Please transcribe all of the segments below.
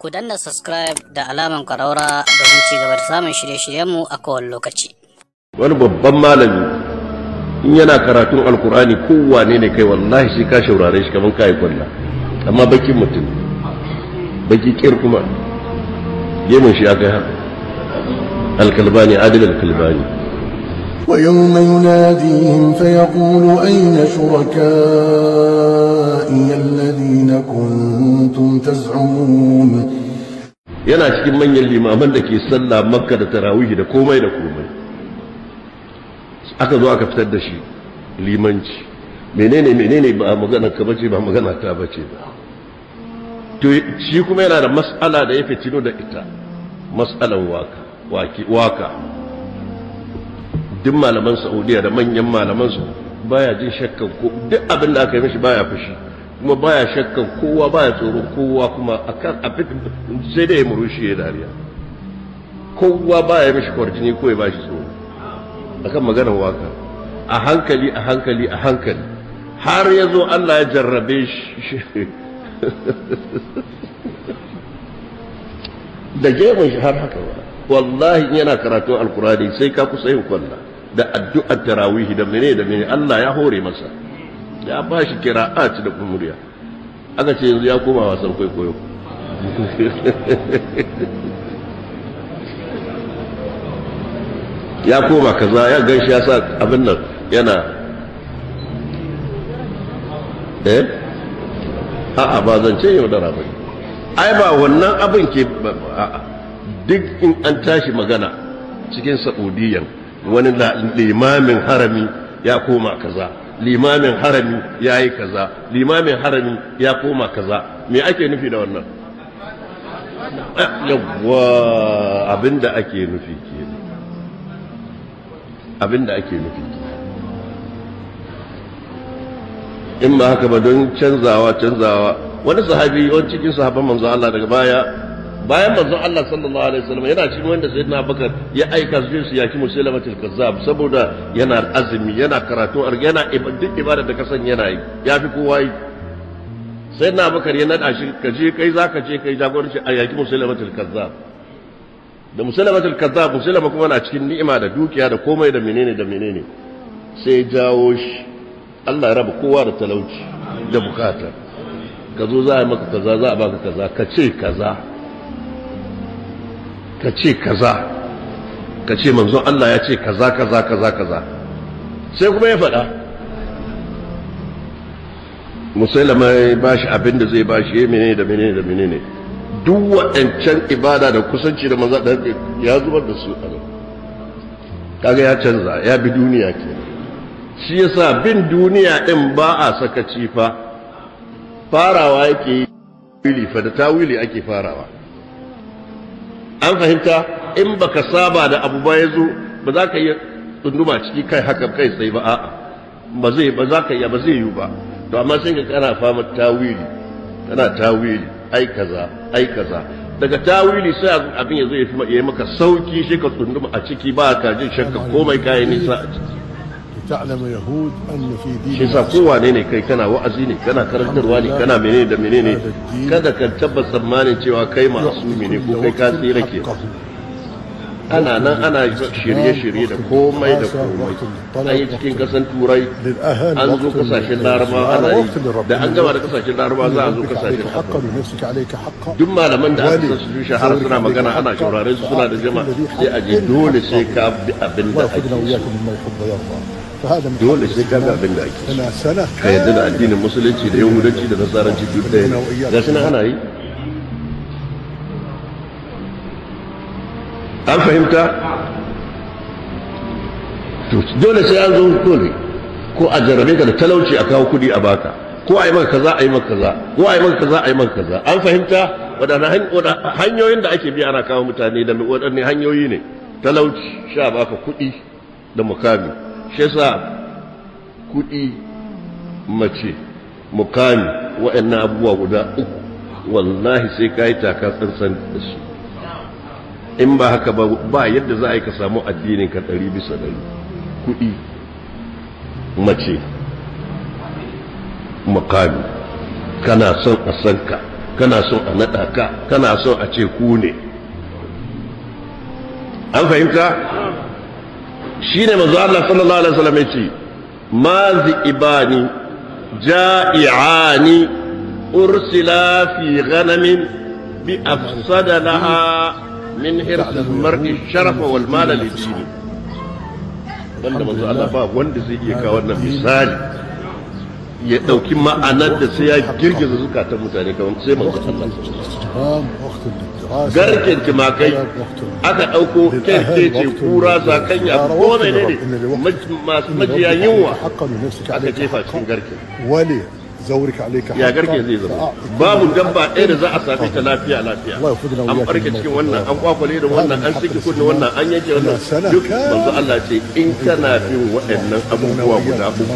Ku danna subscribe da alaman ƙaraura domin ci gaba da samun shirye-shiryenmu a kowane lokaci. Wani babban malami in yana karatun alkur'ani kowane ne kai wallahi shi ka shaurare shi kamar kayi kwalla amma bakin mutum baki kir kuma gemun shi ya kai alkalbani adil alkalbani ويوم يناديهم فيقول أين شركائي الذين كنتم تزعمون yana cikin manyan limaman da ke sallah makka da tarawihi da komai da komai aka zo aka fitar da shi limanci menene menene ba magana ka bace ba magana ta bace ba to shi kuma yana da mas'ala da ya fitino da ita mas'alan waka waki waka duk malaman saudiya da manyan malaman su baya jin shakkan ko duk abin da aka yi mishi baya fushi kuma baya shakkan kowa baya tsoron kowa kuma akan abin sai dai murushi ya dariya kowa baya mishi kwarjini ko ya bashi tsoro akan maganar waka a hankali a hankali a hankali har ya zo Allah ya jarrabe shi da gefen shi har haka ba wallahi yana karatu alkurani sai ka kusa yin kwalla da addu'ar tarawihi da mene da mene Allah ya hore masa ya ba shi kira, a ci da kumuriya aka ce yanzu ya koma wasan kwaikwayo ya koma kaza ya gan shi ya sa abin nan yana eh a'a ba zan ce yau da rabai ai ba wannan abin ke duk in an tashi magana cikin sa'udiyan wani limamin harami ya koma kaza limamin harami ya yi kaza limamin harami ya koma kaza me ake nufi da wannan eh, yawwa abinda ake nufi ke abinda ake nufi in ba haka ba don canzawa canzawa wani sahabi wani cikin sahabban manzo Allah daga baya bayan manzon Allah sallallahu alaihi wasallam yana cikin wanda sayyidina Abubakar ya aika su su yaki til kazzab saboda yana azumi yana karatu yana duk ibada da kasan yana yi yafi kowa yi sayyidina Abubakar ya nada shi kaje kai zaka je kai jagoranci a yaki til kazzab da til kazzab musulma kuma na cikin ni'ima da dukiya da komai da menene da menene sai jawo shi Allah ya raba kowa da talauci da bukata ka zo za a yi maka kaza za a baka kaza ka ce kaza ka ce kaza ka ce manzon Allah ya ce kaza kaza kaza kaza sai kuma ya faɗa musulama ya ba shi abin da zai ba shi ya eh, menene da menene da menene duk waɗancan ibada da kusanci da manzon da ya zubar da su kaga ya canza ya bi duniya ke shi yasa bin duniya ɗin ba a sakaci fa farawa yake yi fa da tawili ake farawa an fahimta in baka saba da abu ba zo ba za ka iya tsunduma ciki kai haka kai sai ba a'a ba zai ba za ka iya ba zai yi ba to amma sai ka kana fama tawili kana tawili ai kaza ai kaza daga tawili sai abin ya zo ya yi maka sauki shi ka tsunduma a ciki ba ka jin shakka komai kayan nisa a ciki ta'lamu yahud ne kai kana wa'azi ne kana karantarwa ne kana menene da menene kada ka tabbas tsammanin cewa kai ma'asumi ne ko kai ka tsira ke ana nan ana shirye-shirye da komai da komai an yi cikin kasan turai an zo kasashen laraba ana yi da an gama da kasashen laraba za zo kasashen haka duk malaman da aka su yi shahara suna magana ana shaurare su suna da jama sai a dole sai ka bi abin da ake dole sai ka ga abin da ake ka yadda da addinin musulunci da yahudanci da nasaranci duk da ɗaya ga shi na ana yi an fahimta dole sai an zo dole ko a jarabe ka da talauci a kawo kudi a baka ko a yi maka kaza a yi maka kaza ko a yi maka kaza a yi maka kaza an fahimta waɗanne hanyoyin da ake biya ana kawo mutane da waɗanne hanyoyi ne talauci sha baka kudi da mukami shi kuɗi mace mukami waɗannan abubuwa guda uku wallahi sai ka yi taka san da su in ba haka ba ba yadda za a yi ka samu addinin ka ɗari bisa ɗari kuɗi mace mukami kana son a san ka kana son a naɗa ka kana son a ce ku ne an fahimta shine manzo Allah sallallahu alaihi wasallam yace mazi ibani ja'iani ursila fi ghanamin bi afsada laha min hirs al-mar'i sharafa wal mala lidini wanda manzo Allah ba wanda zai iya kawo wannan misali ya dauki ma'anar da sai ya girgiza zukatan mutane kamar sai manzo Allah garken tumakai aka ɗauko kyarkece kura zakanya ko ne masu majiya yunwa aka jefa cikin garken zaurika ya garke zai zama babu dabba ɗaya da za a same ta lafiya lafiya an barke cikin wannan an kwakwale da wannan an saki kudin wannan an yanke wannan duk manzo Allah ce in kana bin waɗannan abubuwa guda uku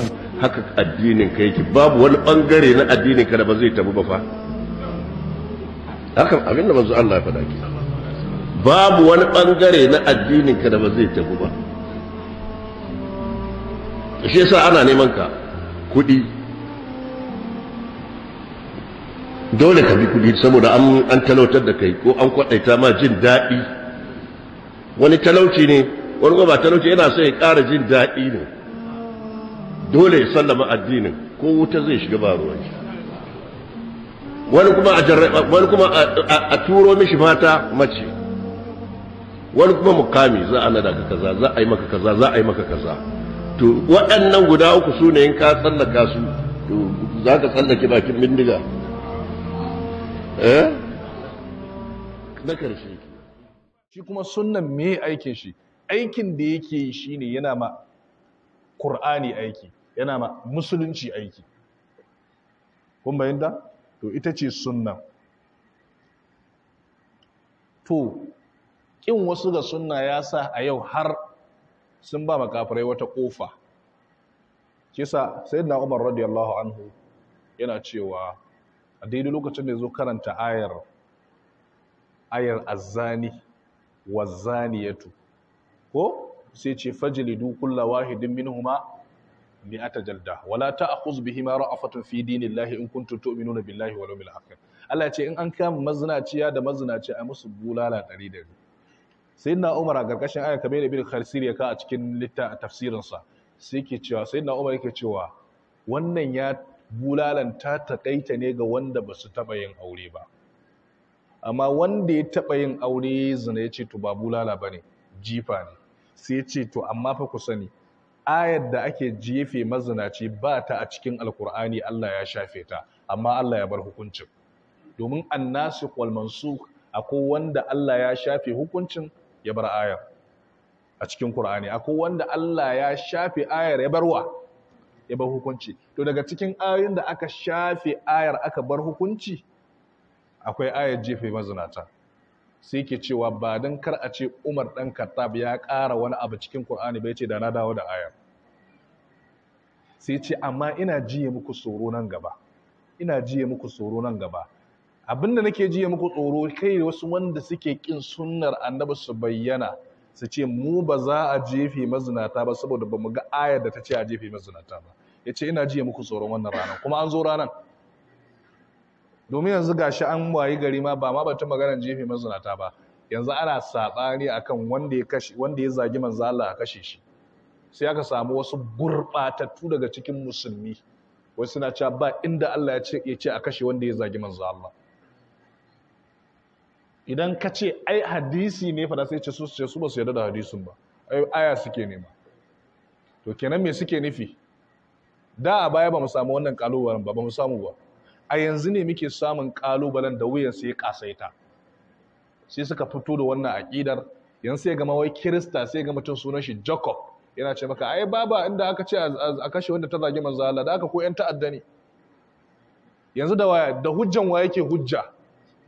haka addinin ka yake babu wani bangare na addinin ka da ba zai tabu ba fa haka abin da manzo Allah ya faɗa ki babu wani bangare na addinin ka da ba zai tafi ba shi yasa ana neman ka kuɗi dole ka bi kuɗi saboda an an talautar da kai ko an kwaɗaita ma jin daɗi wani talauci ne wani kuma ba talauci yana so ya ƙara jin daɗi ne dole ya sallama addinin ko wuta zai shiga ba ruwan shi wani kuma a wani kuma a turo mishi mata mace wani kuma mukami za a nada ka kaza za a yi maka kaza za a yi maka kaza to waɗannan guda uku su ne in ka tsallaka su to za ka tsallake bakin bindiga eh na karshe shi kuma sunnan me aikin shi aikin da yake yi shine yana ma Qur'ani aiki yana ma musulunci aiki kun bayyana to ita ce sunna to ƙin wasu ga sunna ya sa a yau har sun ba makafirai wata ƙofa kisa sai na umar radiyallahu anhu yana cewa a daidai lokacin da zo karanta ayar ayar azzani zaniyatu, ko sai ce fajilidu kullawahidin wahidin minhuma mi'ata jalda wala ta, a ta'khuz bihima ra'afatun fi dinillahi in kuntum tu'minuna billahi wal yawmil akhir Allah ce in an kama mazinaciya da mazinaci a musu bulala ɗari da sayyidina Umar a gargashin aya kamar da bil kharsir ya a cikin litta tafsirin sa sai yake cewa sayyidina Umar yake cewa wannan ya bulalan ta takaita ne ga wanda ba su taba yin aure ba amma wanda ya taba yin aure zina ya ce to ba bulala bane jifa ne sai ya ce to amma fa ku sani ayar da ake jefe mazinaci ba ta a cikin alkur'ani Allah ya shafe ta amma Allah ya bar hukuncin domin annasu wal mansukh akwai wanda Allah ya shafe hukuncin ya bar ayar a cikin Qur'ani akwai wanda Allah ya shafe ayar ya barwa ya bar hukunci to daga cikin ayoyin da aka shafe ayar aka bar hukunci akwai ayar jefe mazinata sai ke cewa ba don kar a ce umar ɗan kattab ya ƙara wani abu cikin ƙur'ani bai ce da na dawo da ayar sai ce amma ina jiye muku tsoro nan gaba ina jiye muku tsoro nan gaba abinda nake jiye muku tsoro kai wasu wanda suke ƙin sunnar annabi su bayyana su ce mu ba za a jefe mazinata ba saboda ba mu ga ayar da ta ce a jefe mazinata ba ya ce ina jiye muku tsoron wannan ranar kuma an zo ranar domin yanzu gashi an wayi gari ma ba ma batun maganar jefe mazunata ba yanzu ana saɓani akan wanda ya wanda ya zagi manzo Allah a kashe shi sai aka samu wasu gurɓatattu daga cikin musulmi wasu suna cewa ba inda Allah ya ce ya ce a kashe wanda ya zagi manzo Allah idan ka ce ai hadisi ne fa sai ce su ce su ba su yarda da hadisin ba ai aya suke nema to kenan me suke nufi da a baya ba mu samu wannan kalubalen ba ba mu samu ba a yanzu ne muke samun kalubalen da wuyan sai kasaita sai suka fito da wannan aƙidar yanzu sai ga mawai kirista sai ga mutum sunan shi jacob yana ce maka ai baba inda aka ce a kashe wanda ta zagi manzo Allah da aka ko yan ta'adda ne yanzu da waya da hujjan wa yake hujja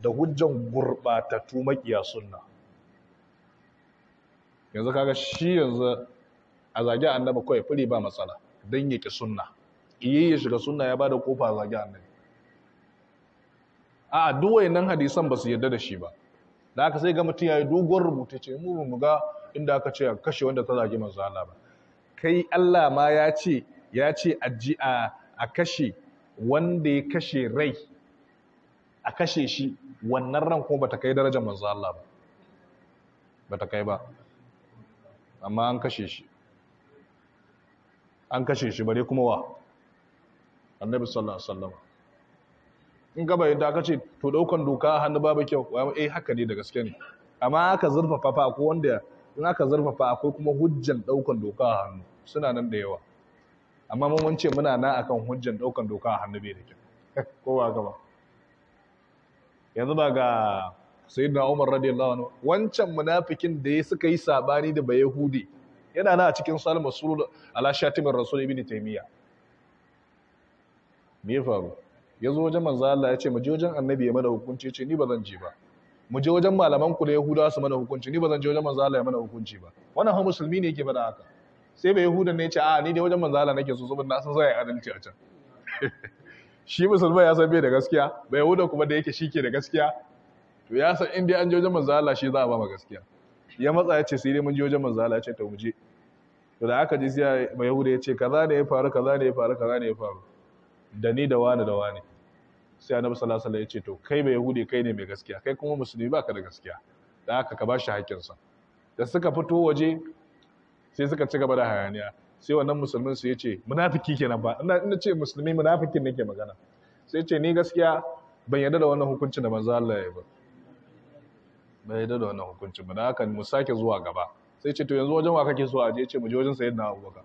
da hujjan gurbatatu makiya sunna yanzu kaga shi yanzu a zagi annabi kai fure ba matsala dan yake sunna ya shiga sunna ya bada kofa zagi annabi a duwayen nan hadisan ba su yarda da shi ba da aka sai ga mutum ya yi doguwar rubuta ce mu mu ga inda aka ce a kashe wanda ta zage manzo Allah ba kai Allah ma ya ce ya ce a a kashe wanda ya kashe rai a kashe shi wannan ran kuma bata kai darajar manzo Allah ba bata kai ba amma an kashe shi an kashe shi bare kuma wa annabi sallallahu alaihi wasallam in ka bayyanta aka ce to daukan doka a hannu babu kyau wa eh haka ne da gaske ne amma aka zurfafa fa akwai wanda in aka zurfafa akwai kuma hujjan daukan doka a hannu suna nan da yawa amma mun ce muna na akan hujjan daukan doka a hannu bai da kyau ko ba gaba yanzu ba ga sayyidina Umar radiyallahu anhu wancan munafikin da ya suka yi sabani da bayahudi yana na a cikin salmasul ala shatimin rasul ibn taymiya me ya faru ya zo wajen manzo Allah ya ce mu je wajen annabi ya mana hukunci ce ni ba zan je ba mu je wajen malaman ku da yahudawa su mana hukunci ni ba zan je wajen manzo Allah ya mana hukunci ba wannan ha musulmi ne yake faɗa haka sai bai yahuda ne ya ce a ni dai wajen manzo Allah nake so saboda na san zai adalci a can shi musulmai ya san bai da gaskiya bai yahuda kuma da yake shike da gaskiya to ya san in dai an je wajen manzo Allah shi za a ba ma gaskiya ya matsa ya ce sai dai mun je wajen manzo Allah ya ce to mu je to da aka ji sai mai yahuda ya ce kaza ne ya faru kaza ne ya faru kaza ne ya faru da ni da wani da wani sai annabi sallallahu alaihi wasallam ya ce to kai mai yahudi kai ne mai gaskiya kai kuma musulmi baka da gaskiya da haka ka bashi haƙƙinsa da suka fito waje sai suka ci gaba da hayaniya sai wannan musulmin su yace munafiki kenan ba ina ina ce musulmi munafikin nake magana sai ce ni gaskiya ban yarda da wannan hukuncin da manzo Allah ya ba bai yarda da wannan hukuncin ba haka mu sake zuwa gaba sai ce to yanzu wajen wa kake so a je ce mu je wajen sayyidina Abubakar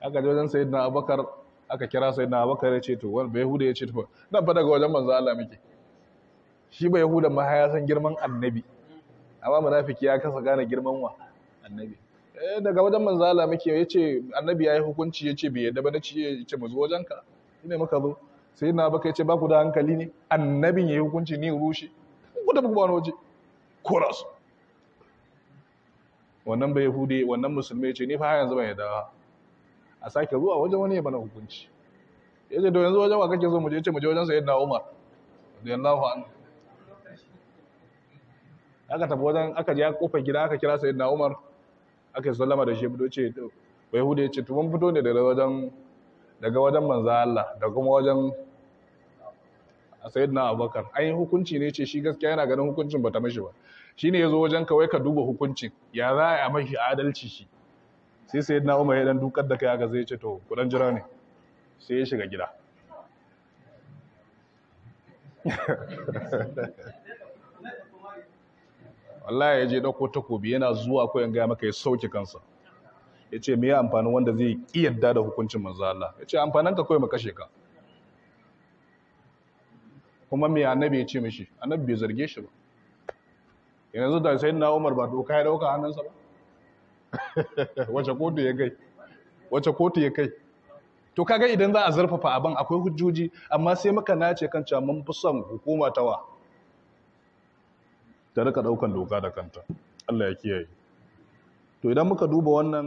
aka je wajen sayyidina Abubakar aka kira sai na abakar ya ce to wani bai huda ya ce to nan fa daga wajen manzo Allah muke shi bai huda ma ya san girman annabi amma munafiki ya kasa gane girman wa annabi eh daga wajen manzo Allah muke ya ce annabi ya yi hukunci ya ce bai yadda ba na ce ya ce mu zo wajenka ne muka zo sai na abakar ya ce ba ku da hankali ne annabin ya yi hukunci ni rushe ku da wani waje koras wannan bai yahude wannan musulmai ce ni fa yanzu ban yadda a sake zuwa wajen wani ya mana hukunci ya ce doyin zuwa wajen wa kake zo mu je ce mu je wajen sayyidina Umar radiyallahu an aka tafi wajen aka je kofar gida aka kira sayyidina Umar aka yi sallama da shi mu ce bai hudu ya ce tuban mun fito ne daga wajen daga wajen Allah da kuma wajen sayyidina Abubakar yi hukunci ne ce shi gaskiya yana ganin hukuncin bata mashi ba Shi ne ya zo wajen ka wai ka duba hukuncin ya za a mashi adalci shi sai sai na umar ya dan dukar da kai aka zai ce to kudan jira ne sai ya shiga gida wallahi ya je dauko takobi yana zuwa ko gaya maka ya sauke kansa ya ce mai ya amfanin wanda zai kiyarda da hukuncin manzo Allah ya ce amfanin ka kawai mu kashe ka kuma me annabi ya ce mishi annabi bai zarge shi ba yanzu da sai na Umar ba doka ya dauka hannunsa ba wace kotu ya kai wace kotu ya kai to kaga idan za a zarfafa abin akwai hujjoji amma sai muka nace kan cewa mun fi son hukuma ta wa ta rika daukan doka da kanta Allah ya kiyaye to idan muka duba wannan